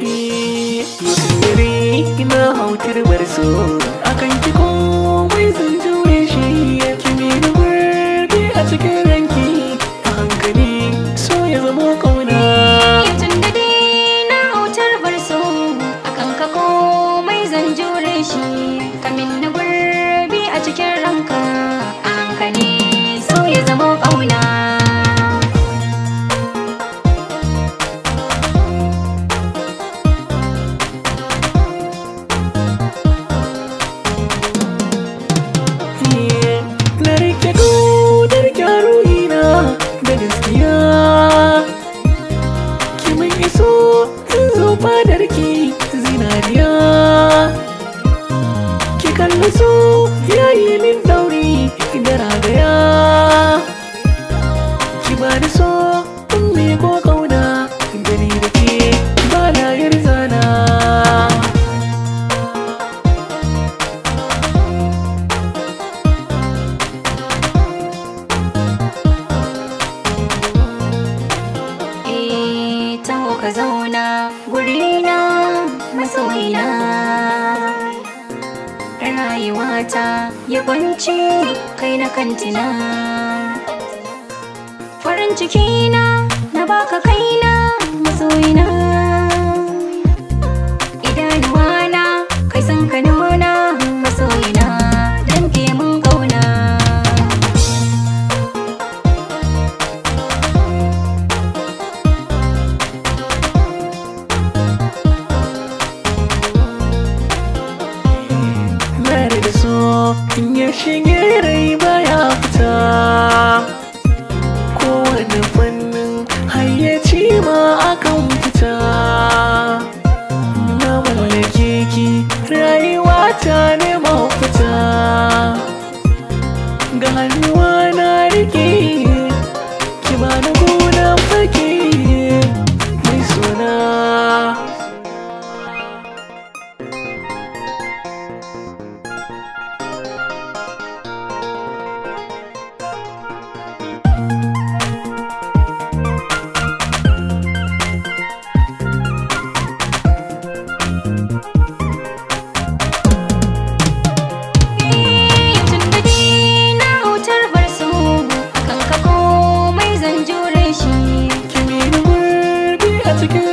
Musulmi ina hautar barso akan ki komai zan jure shi gurbi a cikin a hankali so ya na hautar barso ka komai zan jure shi Kamin na gurbi a cikin ranka a hankali so ya zama zauna gurina masoina rayuwata ya kwanci kai na kantina farin cikina na baka kaina masoina. ya shige rai baya fita kowane fannin hayyaci ma akan fita na mallake ki rayuwa ta ne to you.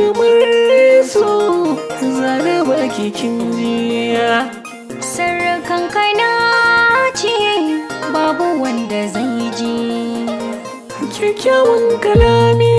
zubar so zane baki kin jiya sarrakan ce babu wanda zai ji kyakkyawan kalami